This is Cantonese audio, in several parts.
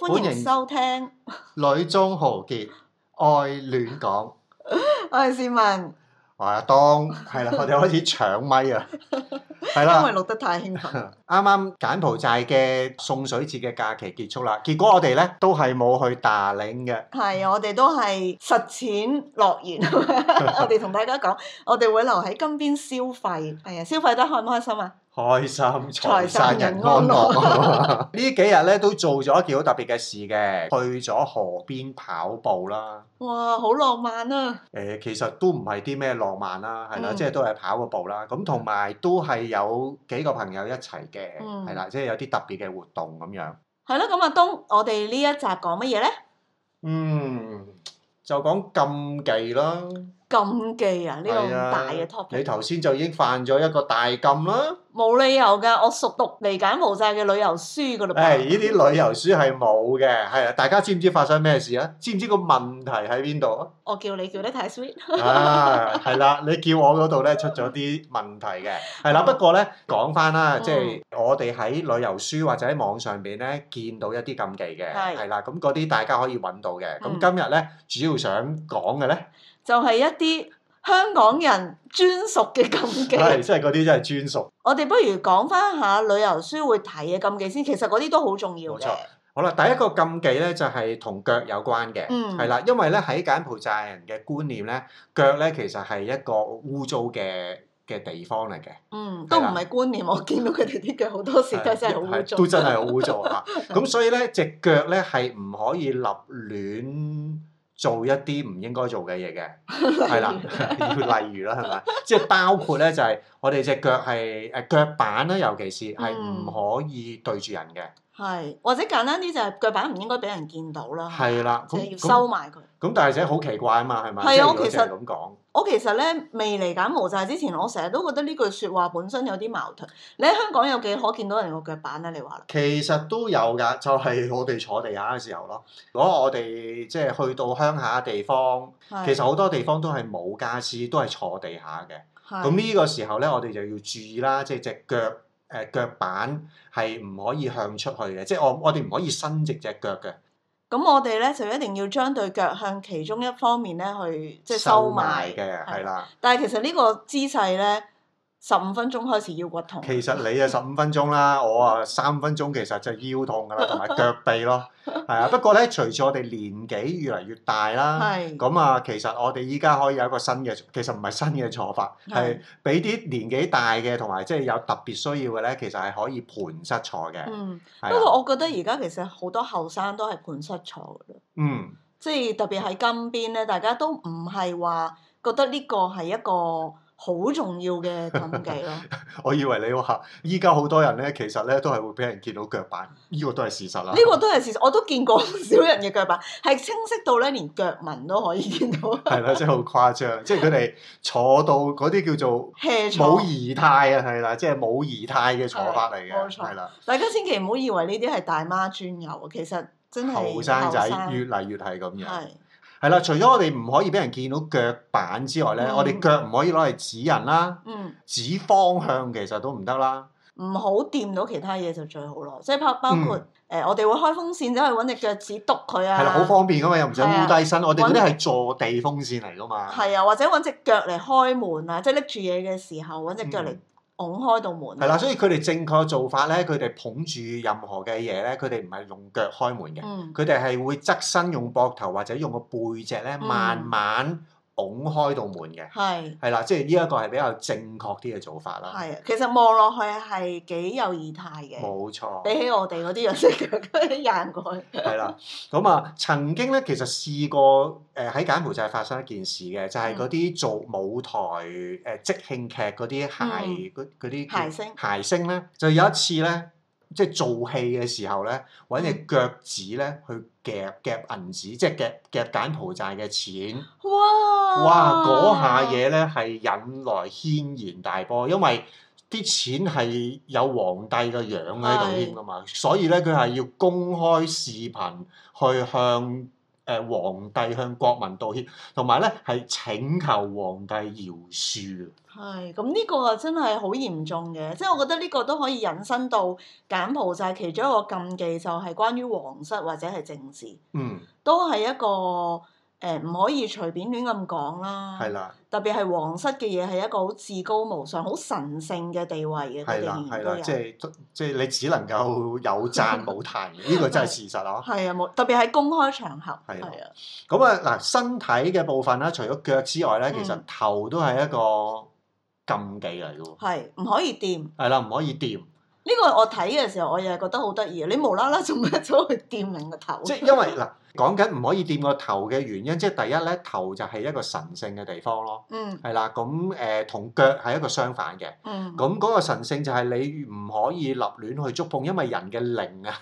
歡迎收聽，女中豪傑愛亂講， 我係薛文，我係阿東，係啦，我哋開始搶咪啊！ 係啦，因為錄得太興奮。啱啱 柬埔寨嘅送水節嘅假期結束啦，結果我哋咧都係冇去大嶺嘅。係啊，我哋都係實踐諾言。我哋同大家講，我哋會留喺金邊消費。係、哎、啊，消費得開唔開心啊？開心財神人安樂。 幾呢幾日咧都做咗一件好特別嘅事嘅，去咗河邊跑步啦。哇！好浪漫啊。誒、欸，其實都唔係啲咩浪漫啦、啊，係嘛？嗯、即係都係跑個步啦。咁同埋都係。有幾個朋友一齊嘅，係啦、嗯，即係、即係、有啲特別嘅活動咁樣。係咯，咁阿東，我哋呢一集講乜嘢咧？嗯，就講禁忌啦。禁忌啊！呢、這個咁大嘅 topic，啊、你頭先就已經犯咗一個大禁啦。冇理由噶，我熟讀嚟柬埔寨嘅旅遊書嗰度。誒，依啲、哎、旅遊書係冇嘅，係啊！大家知唔知發生咩事啊？嗯、知唔知個問題喺邊度啊？我叫你叫得太 sweet。啊，係啦， 你叫我嗰度咧出咗啲問題嘅，係啦。不過咧，講翻啦，嗯、即係我哋喺旅遊書或者喺網上邊咧見到一啲禁忌嘅，係啦的。咁嗰啲大家可以揾到嘅。咁、嗯、今日咧主要想講嘅咧。就係一啲香港人專屬嘅禁忌，即係嗰啲真係專屬。我哋不如講翻下旅遊書會提嘅禁忌先，其實嗰啲都好重要冇錯，好啦，第一個禁忌咧就係同腳有關嘅，係啦、嗯，因為咧喺柬埔寨人嘅觀念咧，腳咧其實係一個污糟嘅嘅地方嚟嘅，嗯嗯。嗯，都唔係觀念，我見到佢哋啲腳好多時都真係好污糟，都真係好污糟啦。咁所以咧，隻腳咧係唔可以立亂做一啲唔應該做嘅嘢嘅，係啦， 例如啦，係咪？ 即係包括咧，就係我哋隻腳係誒，腳板啦，尤其是係唔、嗯、可以對住人嘅。係，或者簡單啲就係腳板唔應該俾人見到啦。係啦的，咁係的要收埋佢。咁但係且好奇怪嘛，係咪？係啊， 我其實咁講。我其實咧未嚟柬埔寨之前，我成日都覺得呢句説話本身有啲矛盾。你喺香港有幾可見到人個腳板咧？你話啦，其實都有㗎，就係、是、我哋坐地下嘅時候咯。如果我哋即係去到鄉下地方，的其實好多地方都係冇傢俬，都係坐地下嘅。咁呢的個時候咧，我哋就要注意啦，即係隻腳誒、呃、腳板係唔可以向出去嘅，即係我我哋唔可以伸直隻腳嘅。咁我哋咧就一定要將對腳向其中一方面咧去，即係收埋嘅，係啦。的的但係其實呢個姿勢咧。十五分鐘開始腰骨痛。其實你啊十五分鐘啦， 我啊三分鐘其實就腰痛噶啦，同埋腳痹咯。係 啊，不過咧，隨住我哋年紀越嚟越大啦，咁是啊，其實我哋依家可以有一個新嘅，其實唔係新嘅做法，係俾啲年紀大嘅同埋即係有特別需要嘅咧，其實係可以盤膝坐嘅。嗯，不過、啊、我覺得而家其實好多後生都係盤膝坐嘅，嗯，即係特別喺金邊咧，大家都唔係話覺得呢個係一個好重要嘅禁忌咯！ 我以為你話依家好多人咧，其實咧都係會俾人見到腳板，呢個都係事實啦。呢 個都係事實，我都見過少人嘅腳板，係清晰到咧連腳紋都可以見到。係啦， 真係好誇張， 即係佢哋坐到嗰啲叫做冇儀態啊，係啦，即係冇儀態嘅坐法嚟嘅，係啦。的大家千祈唔好以為呢啲係大媽專有，其實真係後生仔越嚟越係咁樣。係啦，除咗我哋唔可以俾人見到腳板之外咧，嗯、我哋腳唔可以攞嚟指人啦，嗯、指方向其實都唔得啦。唔好掂到其他嘢就最好咯，即係包包括誒、嗯呃，我哋會開風扇就可以揾隻腳趾督佢啊。係啦，好方便噶、啊、嘛，又唔想踎低身，嗯、我哋嗰啲係坐地風扇嚟噶嘛。係啊、嗯，或者揾隻腳嚟開門啊，即係拎住嘢嘅時候揾隻腳嚟。嗯拱開道門，係啦，所以佢哋正確做法咧，佢哋捧住任何嘅嘢咧，佢哋唔係用腳開門嘅，佢哋係會側身用膊頭或者用個背脊咧，慢慢、嗯，拱開道門嘅，係係啦，即係呢一個係比較正確啲嘅做法啦。係啊，其實望落去係幾有儀態嘅，冇錯。比起我哋嗰啲人識佢啲人過去係啦。咁啊， 曾經咧，其實試過誒喺、呃、柬埔寨發生一件事嘅，就係嗰啲做舞台誒、呃、即興劇嗰啲鞋嗰啲、嗯、諧星諧星咧，就有一次咧。嗯即係做戲嘅時候咧，揾隻腳趾咧去夾夾銀紙，即係夾夾柬埔寨嘅錢。哇！哇！嗰下嘢咧係引來軒然大波，因為啲錢係有皇帝個樣喺度添㗎嘛，的所以咧佢係要公開視頻去向。誒皇帝向國民道歉，同埋咧係請求皇帝饒恕。係，咁、這、呢個啊真係好嚴重嘅，即係我覺得呢個都可以引申到柬埔寨其中一個禁忌，就係關於皇室或者係政治，嗯，都係一個。誒唔、呃、可以隨便亂咁講啦，係啦，特別係皇室嘅嘢係一個好至高無上、好神聖嘅地位嘅。係啦係啦，啦，即係即係你只能夠有讚冇彈，呢個真係事實咯。係啊，特別係公開場合。係啊，係啦，咁啊嗱，身體嘅部分啦，除咗腳之外咧，嗯、其實頭都係一個禁忌嚟嘅喎。係唔可以掂？係啦，唔可以掂。呢個我睇嘅時候，我又係覺得好得意。你無啦啦做咩走去掂你個頭？即係因為嗱，講緊唔可以掂個頭嘅原因，即係第一咧，頭就係一個神聖嘅地方咯。嗯，係啦，咁誒同腳係一個相反嘅。嗯，咁嗰個神聖就係你唔可以立亂去觸碰，因為人嘅靈啊。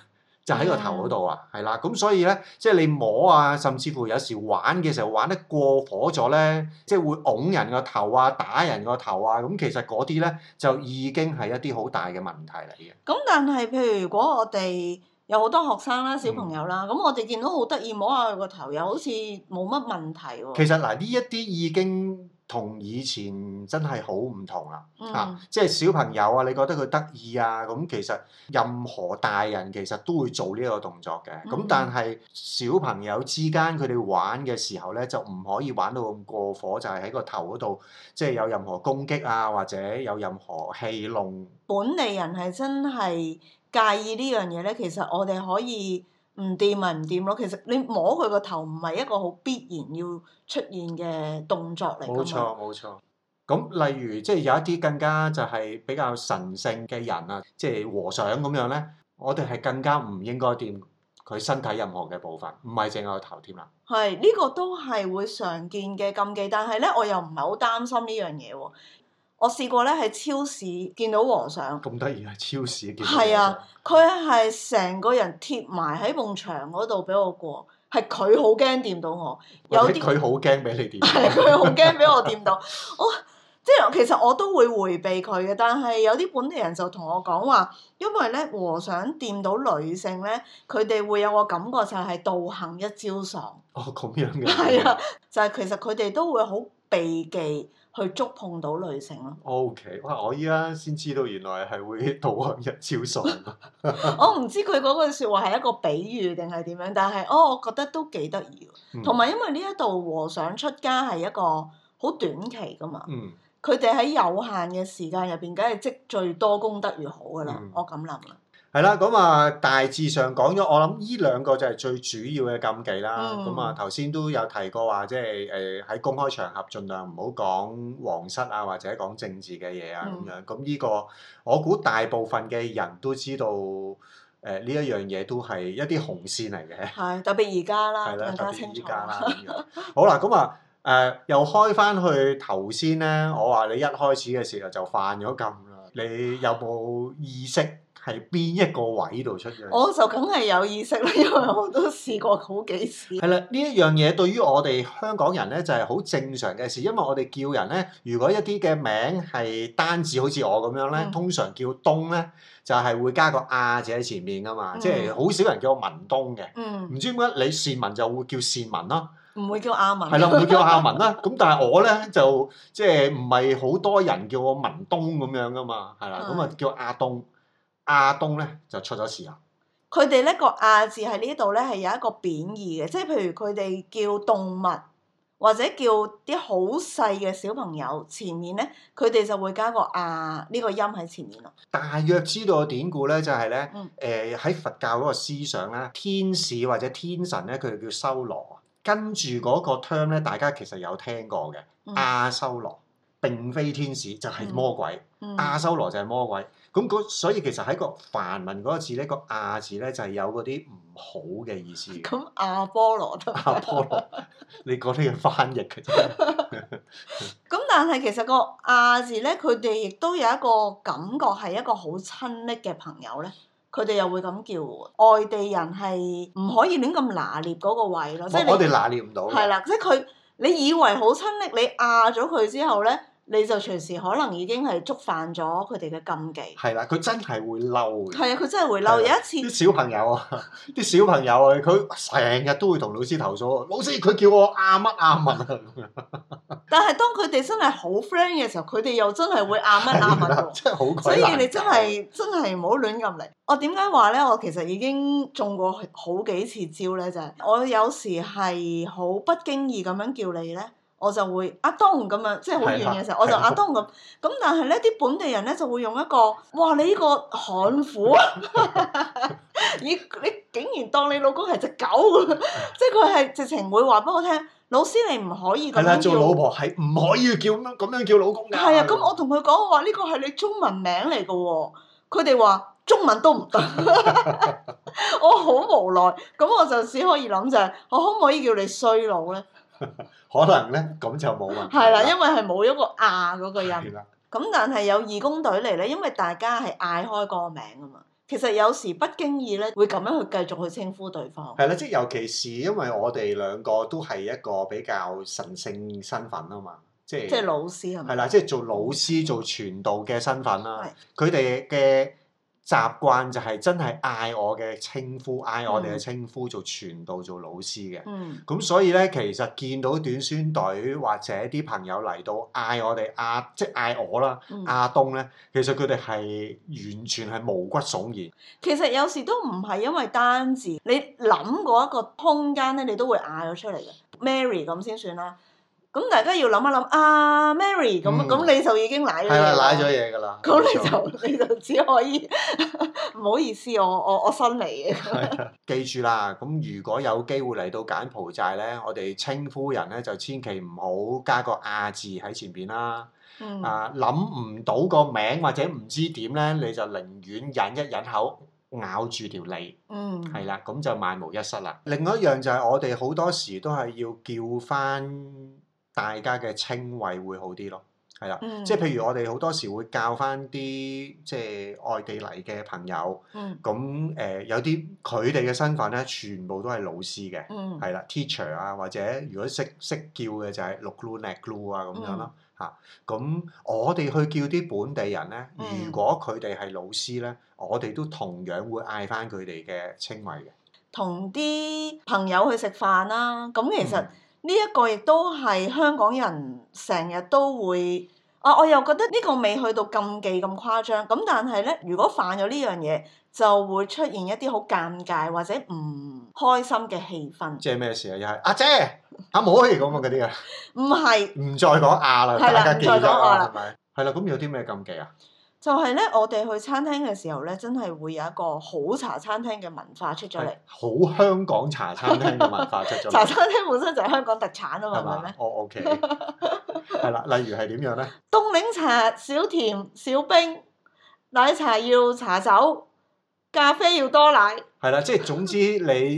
就喺個頭嗰度啊，係啦，咁所以咧，即係你摸啊，甚至乎有時玩嘅時候玩得過火咗咧，即係會㧬人個頭啊，打人個頭啊，咁其實嗰啲咧就已經係一啲好大嘅問題嚟嘅。咁、嗯、但係譬如如果我哋有好多學生啦、小朋友啦，咁我哋見到好得意摸下佢個頭，又好似冇乜問題喎、啊。其實嗱，呢一啲已經。同以前真係好唔同啦，啊，即係、嗯啊就是、小朋友啊，你覺得佢得意啊，咁其實任何大人其實都會做呢個動作嘅，咁、嗯、但係小朋友之間佢哋玩嘅時候咧，就唔可以玩到咁過火，就係、是、喺個頭嗰度，即、就、係、是、有任何攻擊啊，或者有任何戲弄。本地人係真係介意呢樣嘢咧，其實我哋可以。唔掂咪唔掂咯，其實你摸佢個頭唔係一個好必然要出現嘅動作嚟。冇錯冇錯，咁例如即係有一啲更加就係比較神聖嘅人啊，即係和尚咁樣咧，我哋係更加唔應該掂佢身體任何嘅部分，唔係淨係個頭添啦。係，呢個都係會常見嘅禁忌，但係咧我又唔係好擔心呢樣嘢喎。我試過咧喺超市見到和尚，咁得意，喺超市見和尚？係啊，佢係成個人貼埋喺埲牆嗰度俾我過，係佢好驚掂到我。有啲佢好驚俾你掂，係佢好驚俾我掂到。啊、我，到 我即係其實我都會迴避佢嘅，但係有啲本地人就同我講話，因為咧和尚掂到女性咧，佢哋會有個感覺就係道行一朝喪。哦，咁樣嘅，係啊，就係、是、其實佢哋都會好避忌。去觸碰到女性咯。O、okay. K，哇！我依家先知道原來係會導向日超順。 我唔知佢嗰句説話係一個比喻定係點樣，但係哦，我覺得都幾得意。同埋、嗯、因為呢一度和尚出家係一個好短期噶嘛，佢哋喺有限嘅時間入邊，梗係積聚多功德越好噶啦。嗯、我咁諗啦。係啦，咁啊，大致上講咗，我諗呢兩個就係最主要嘅禁忌啦。咁啊，頭先都有提過話，即係誒喺公開場合，儘量唔好講皇室啊，或者講政治嘅嘢啊咁、嗯、樣。咁呢、呢個我估大部分嘅人都知道，誒、呃、呢一樣嘢都係一啲紅線嚟嘅。係特別而家啦，特別而家啦咁樣。好啦，咁啊誒，又開翻去頭先咧，我話你一開始嘅時候就犯咗禁啦，你有冇意識？係邊 一個位度出嘅？我就梗係有意識啦，因為我都試過好幾次。係啦，呢一樣嘢對於我哋香港人咧，就係、係、好正常嘅事，因為我哋叫人咧，如果一啲嘅名係單字，好似我咁樣咧，嗯、通常叫東咧，就係會加個阿字喺前面噶嘛，即係好少人叫我、嗯、文東嘅。唔知點解你善文就會叫善文、啊」啦，唔會叫阿文、啊。係啦， 唔會叫阿文啦、啊。咁但係我咧就即係唔係好多人叫我文東咁樣噶嘛，係啦，咁啊叫阿東。阿東咧就出咗事喇！佢哋咧個阿字喺呢度咧係有一個貶義嘅，即係譬如佢哋叫動物或者叫啲好細嘅小朋友前面咧，佢哋就會加個阿呢個音喺前面咯。大約知道個典故咧就係、是、咧，誒喺、嗯呃、佛教嗰個思想咧，天使或者天神咧佢哋叫修羅，跟住嗰個 term 咧大家其實有聽過嘅阿、嗯、修羅並非天使，就係、是、魔鬼。阿、嗯嗯嗯、修羅就係魔鬼。咁所以其實喺個梵文嗰個字咧，個亞字咧就係有嗰啲唔好嘅意思。咁亞波羅都，亞波羅， 你講啲要翻譯嘅啫。咁 但係其實個亞字咧，佢哋亦都有一個感覺係一個好親昵嘅朋友咧。佢哋又會咁叫外地人係唔可以亂咁拿捏嗰個位咯我。即係我哋拿捏唔到。係啦，即係佢你以為好親昵，你壓咗佢之後咧。你就隨時可能已經係觸犯咗佢哋嘅禁忌。係啦，佢真係會嬲。係啊，佢真係會嬲。的有一次，啲小朋友啊，啲小朋友啊，佢成日都會同老師投訴， 老師佢叫我阿乜阿乜。啊咁樣。啊啊、 但係當佢哋真係好 friend 嘅時候，佢哋又真係會阿乜阿乜。真係好鬼難。所以你真係真係唔好亂咁嚟。 我點解話咧？我其實已經中過好幾次招咧，就係我有時係好不經意咁樣叫你咧。我就會阿東咁樣，即係好遠嘅時候，的我就阿東咁。咁的但係咧，啲本地人咧就會用一個，哇！你呢個悍婦，你 你竟然當你老公係隻狗， 即係佢係直情會話俾我聽，老師你唔可以咁樣做老婆係唔可以叫咁樣，咁樣叫老公嘅？係、就、啊、是，咁我同佢講，我話呢個係你中文名嚟㗎喎。佢哋話中文都唔得， 我好無奈。咁我就只可以諗就係、是，我可唔可以叫你衰佬咧？ 可能咧，咁就冇問題。係啦，因為係冇一個「啊」嗰個音。咁但係有義工隊嚟咧，因為大家係嗌開個名啊嘛。其實有時不經意咧，會咁樣去繼續去稱呼對方。係啦，即係尤其是因為我哋兩個都係一個比較神聖身份啊嘛，即係。即係老師係咪？係啦，即係做老師做傳道嘅身份啦、啊，佢哋嘅。習慣就係真係嗌我嘅稱呼，嗌、嗯、我哋嘅稱呼做傳道做老師嘅。嗯，咁所以咧，其實見到短宣隊或者啲朋友嚟到嗌我哋阿，即係嗌我啦，嗯、阿東咧，其實佢哋係完全係毛骨悚然。其實有時都唔係因為單字，你諗過一個空間咧，你都會嗌咗出嚟嘅。Mary 咁先算啦。咁大家要諗一諗，阿 Mary 咁，咁你就已經賴咗嘢，賴咗嘢㗎啦。咁你就你就只可以唔好意思，我我我新嚟嘅。記住啦，咁如果有機會嚟到柬埔寨咧，我哋稱呼人咧就千祈唔好加個阿字喺前邊啦。啊，諗唔到個名或者唔知點咧，你就寧願忍一忍口，咬住條脷。嗯，係啦，咁就萬無一失啦。另外一樣就係我哋好多時都係要叫返。大家嘅稱謂會好啲咯，係啦，嗯、即係譬如我哋好多時會教翻啲即係外地嚟嘅朋友，咁誒、嗯呃、有啲佢哋嘅身份咧，全部都係老師嘅，係啦、嗯、teacher 啊，或者如果識識叫嘅就係碌碌叻碌啊咁樣咯，嚇、嗯，咁、啊、我哋去叫啲本地人咧，如果佢哋係老師咧，嗯、我哋都同樣會嗌翻佢哋嘅稱謂嘅。同啲朋友去食飯啦、啊，咁其實、嗯。呢一個亦都係香港人成日都會，啊我又覺得呢個未去到禁忌咁誇張，咁、嗯、但係咧如果犯咗呢樣嘢，就會出現一啲好尷尬或者唔開心嘅氣氛。即係咩事啊？又係阿姐，阿妹嚟講啊嗰啲啊？唔係 是，唔再講阿啦，的大家記得啊，係咪？係啦，咁有啲咩禁忌啊？就係咧，我哋去餐廳嘅時候咧，真係會有一個好茶餐廳嘅文化出咗嚟。好香港茶餐廳嘅文化出咗嚟。茶餐廳本身就係香港特產啊嘛，係咪咧？哦，OK。係啦，例如係點樣咧？凍檸茶少甜少冰，奶茶要茶走，咖啡要多奶。係啦，即係總之你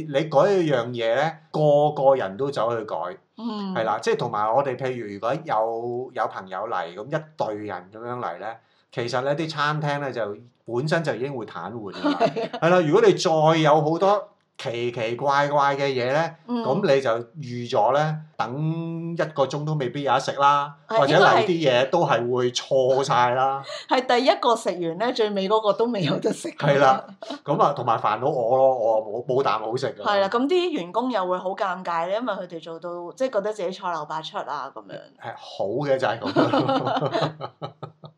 你改一樣嘢咧，個個人都走去改。嗯。係啦，即係同埋我哋譬如如果有有朋友嚟咁一隊人咁樣嚟咧。其實咧，啲餐廳咧就本身就已經會癱瘓㗎啦，係啦的。如果你再有好多奇奇怪怪嘅嘢咧，咁、嗯、你就預咗咧，等一個鐘都未必有得食啦，的或者漏啲嘢都係會錯晒啦。係第一個食完咧，最尾嗰個都未有得食。係啦，咁啊同埋煩到我咯，我冇冇啖好食㗎。係啦，咁啲員工又會好尷尬咧，因為佢哋做到即係覺得自己錯漏百出啊咁樣。係好嘅就係咁。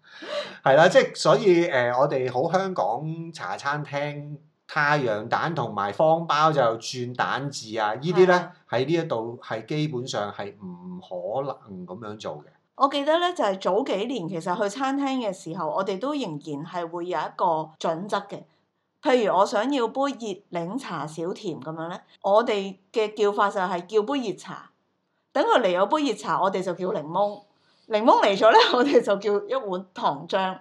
係啦， 即係所以誒、呃，我哋好香港茶餐廳太陽蛋同埋方包就轉蛋治啊，呢啲咧喺呢一度係基本上係唔可能咁樣做嘅。我記得咧就係、是、早幾年，其實去餐廳嘅時候，我哋都仍然係會有一個準則嘅。譬如我想要杯熱檸茶少甜咁樣咧，我哋嘅叫法就係叫杯熱茶，等佢嚟咗杯熱茶，我哋就叫檸檬。檸檬嚟咗咧，我哋就叫一碗糖漿。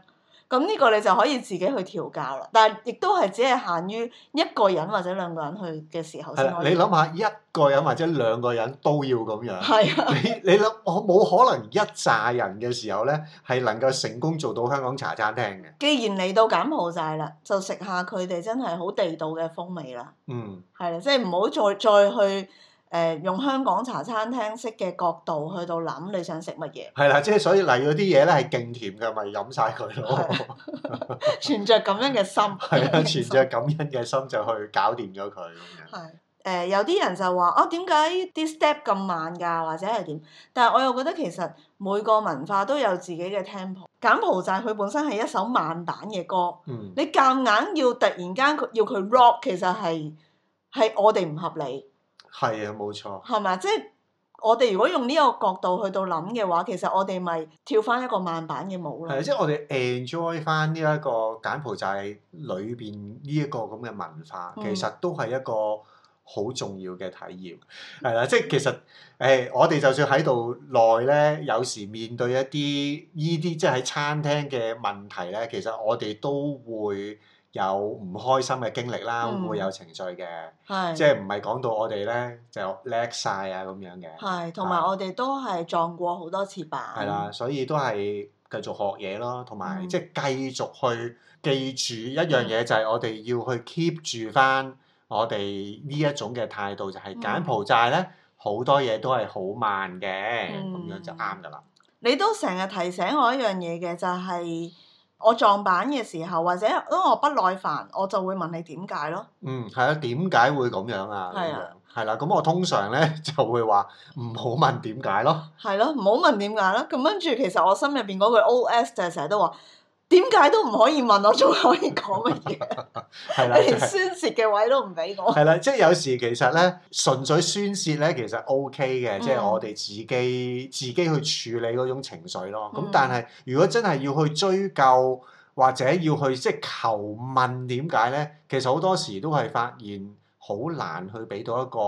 咁呢個你就可以自己去調教啦。但係亦都係只係限於一個人或者兩個人去嘅時候先。係你諗下，一個人或者兩個人都要咁樣。係啊。你你諗，我冇可能一紮人嘅時候咧，係能夠成功做到香港茶餐廳嘅。既然嚟到柬埔寨啦，就食下佢哋真係好地道嘅風味啦。嗯。係啦，即係唔好再再去，誒用香港茶餐廳式嘅角度去到諗你想食乜嘢？係啦，即係所以嚟嗰啲嘢咧係勁甜㗎，咪飲晒佢咯。存著感恩嘅心。係啊，存著感恩嘅心就去搞掂咗佢咁樣。係誒，有啲人就話：哦，點解啲 step 咁慢㗎？或者係點？但係我又覺得其實每個文化都有自己嘅 tempo。柬埔寨係佢本身係一首慢版嘅歌。嗯。你夾硬要突然間佢要佢 rock，其實係係我哋唔合理。係啊，冇錯。係咪？即係我哋如果用呢個角度去到諗嘅話，其實我哋咪跳翻一個慢板嘅舞咯。係、啊，即係我哋 enjoy 翻呢一個柬埔寨裏邊呢一個咁嘅文化，其實都係一個好重要嘅體驗。係啦、嗯啊，即係其實誒、欸，我哋就算喺度耐咧，有時面對一啲呢啲即係喺餐廳嘅問題咧，其實我哋都會，有唔開心嘅經歷啦，會唔、嗯、會有情緒嘅？係即係唔係講到我哋咧就叻晒啊咁樣嘅？係，同埋我哋都係撞過好多次板。係啦、啊，所以都係繼續學嘢咯，同埋、嗯、即係繼續去記住一樣嘢，就係我哋要去 keep 住翻我哋呢一種嘅態度，就係、係、柬埔寨咧好、嗯、多嘢都係好慢嘅，咁、嗯、樣就啱噶啦。你都成日提醒我一樣嘢嘅，就係、係。我撞板嘅時候，或者當我不耐煩，我就會問你點解咯。嗯，係啊，點解會咁樣啊？係啊的，係啦，咁我通常咧就會話唔好問點解咯。係咯，唔好問點解啦。咁跟住，其實我心入邊嗰句 O.S. 就係成日都話。點解都唔可以問我，仲可以講乜嘢？ 的 你連宣洩嘅位都唔俾我。係啦，即係有時其實咧，純粹宣洩咧，其實 O K 嘅，即係、嗯、我哋自己自己去處理嗰種情緒咯。咁、嗯、但係如果真係要去追究或者要去即係、就是、求問點解咧，其實好多時都係發現好難去俾到一個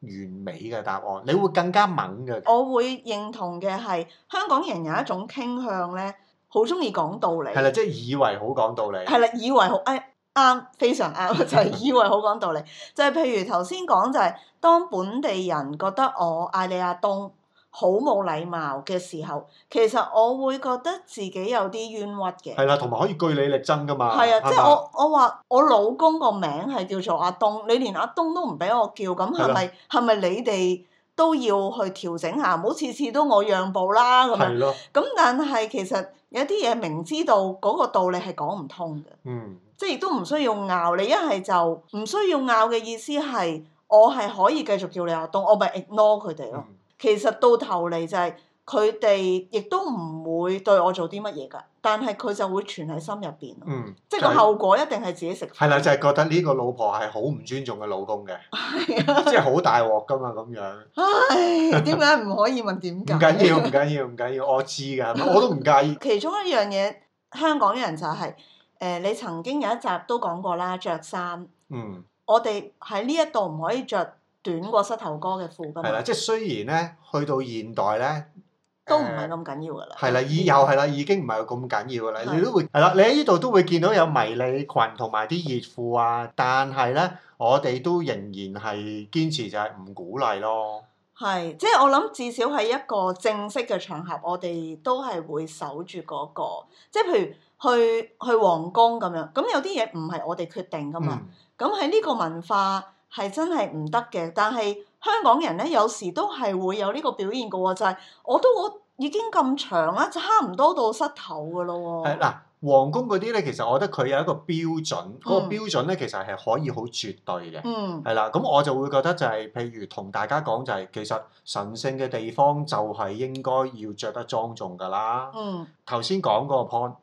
完美嘅答案。你會更加猛嘅。我會認同嘅係香港人有一種傾向咧。好中意講道理係啦，即係以為好講道理係啦，以為好、誒啱，非常啱就係以為好講道理。就係譬如頭先講，就係當本地人覺得我嗌你阿東好冇禮貌嘅時候，其實我會覺得自己有啲冤屈嘅係啦，同埋可以據理力爭㗎嘛係啊，的吧即係我我話我老公個名係叫做阿東，你連阿東都唔俾我叫，咁係咪係咪你哋都要去調整下，唔好次次都我讓步啦咁樣咁，但係其實。有啲嘢明知道嗰個道理係講唔通嘅，嗯、即係亦都唔需要拗你。一係就唔需要拗嘅意思係，我係可以繼續叫你阿東，我咪 ignore 佢哋咯。嗯、其實到頭嚟就係、是。佢哋亦都唔會對我做啲乜嘢噶，但係佢就會存喺心入邊，嗯，就是、即係個後果一定係自己食。係啦，就係覺得呢個老婆係好唔尊重嘅老公嘅， 即係好大鑊噶嘛咁樣。唉、哎，點解唔可以問點解？唔 緊要，唔緊要，唔緊要，我知㗎，我都唔介意。 其中一樣嘢，香港人就係、是、誒、呃，你曾經有一集都講過啦，着衫。嗯。我哋喺呢一度唔可以着短過膝頭哥嘅褲㗎嘛。係啦、嗯，即係雖然咧，去到現代咧。都唔係咁緊要噶啦，嗯，係啦，以後係啦，已經唔係咁緊要噶啦。你都會係啦，你喺呢度都會見到有迷你裙同埋啲熱褲啊。但係咧，我哋都仍然係堅持就係唔鼓勵咯。係，即係我諗至少喺一個正式嘅場合，我哋都係會守住嗰個。即係譬如去去皇宮咁樣，咁有啲嘢唔係我哋決定噶嘛。咁喺呢個文化係真係唔得嘅，但係。香港人咧，有時都係會有呢個表現嘅喎，就係、是、我都我已經咁長啦，差唔多到膝頭嘅咯喎。嗱，皇宮嗰啲咧，其實我覺得佢有一個標準，嗯、個標準咧，其實係可以好絕對嘅。嗯，係啦，咁我就會覺得就係、是，譬如同大家講就係、是，其實神聖嘅地方就係應該要着得莊重㗎啦。嗯，頭先講嗰個 point，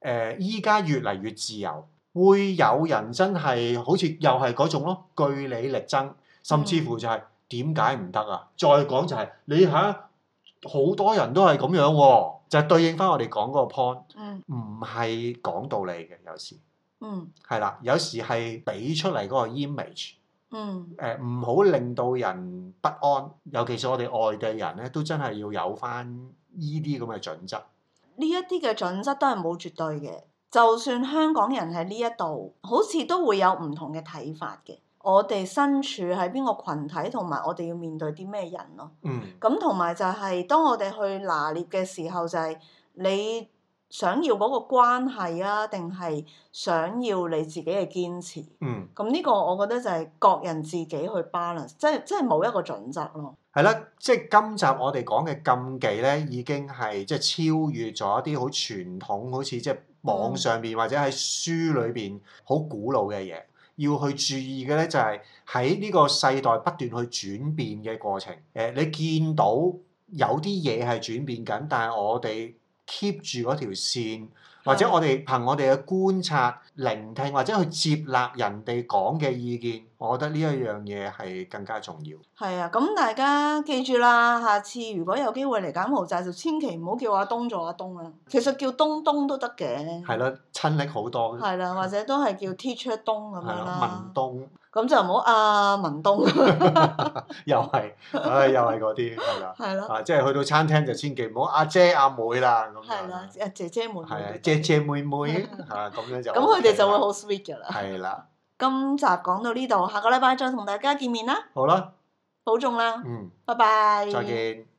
誒，依、呃、家越嚟越自由，會有人真係好似又係嗰種咯，據理力爭，甚至乎就係、嗯。點解唔得啊？再講就係、是、你吓，好多人都係咁樣喎、啊，就係、是、對應翻我哋講嗰個 point，唔係講道理嘅有時，係啦、嗯，有時係俾出嚟嗰個 image，誒唔好令到人不安，尤其是我哋外地人咧，都真係要有翻依啲咁嘅準則。呢一啲嘅準則都係冇絕對嘅，就算香港人喺呢一度，好似都會有唔同嘅睇法嘅。我哋身處喺邊個群體，同埋我哋要面對啲咩人咯？嗯，咁同埋就係當我哋去拿捏嘅時候，就係、是、你想要嗰個關係啊，定係想要你自己嘅堅持？嗯，咁呢個我覺得就係各人自己去 balance，即係即係冇一個準則咯。係啦，即、就、係、是、今集我哋講嘅禁忌咧，已經係即係超越咗一啲好傳統，好似即係網上邊、嗯、或者喺書裏邊好古老嘅嘢。要去注意嘅咧，就係喺呢個世代不斷去轉變嘅過程。誒，你見到有啲嘢係轉變緊，但係我哋 keep 住嗰條線，或者我哋憑我哋嘅觀察、聆聽，或者去接納人哋講嘅意見。我覺得呢一樣嘢係更加重要。係啊，咁大家記住啦，下次如果有機會嚟柬埔寨，就千祈唔好叫阿東做阿東啊。其實叫東東都得嘅。係咯、啊，親暱好多。係啦、啊，或者都係叫 Teacher 東咁樣文、啊、東。咁就唔好阿文東。 又係，唉，又係嗰啲係啦。係咯。啊，即係去到餐廳就千祈唔好阿姐阿、啊、妹啦咁。係啦，阿姐姐妹。妹。係啊，姐姐妹妹嚇咁樣就、OK。咁佢哋就會好 sweet 噶啦。係啦、 啊。 今集講到呢度，下個禮拜再同大家見面啦。好啦吧，保重啦，嗯，拜拜，再見。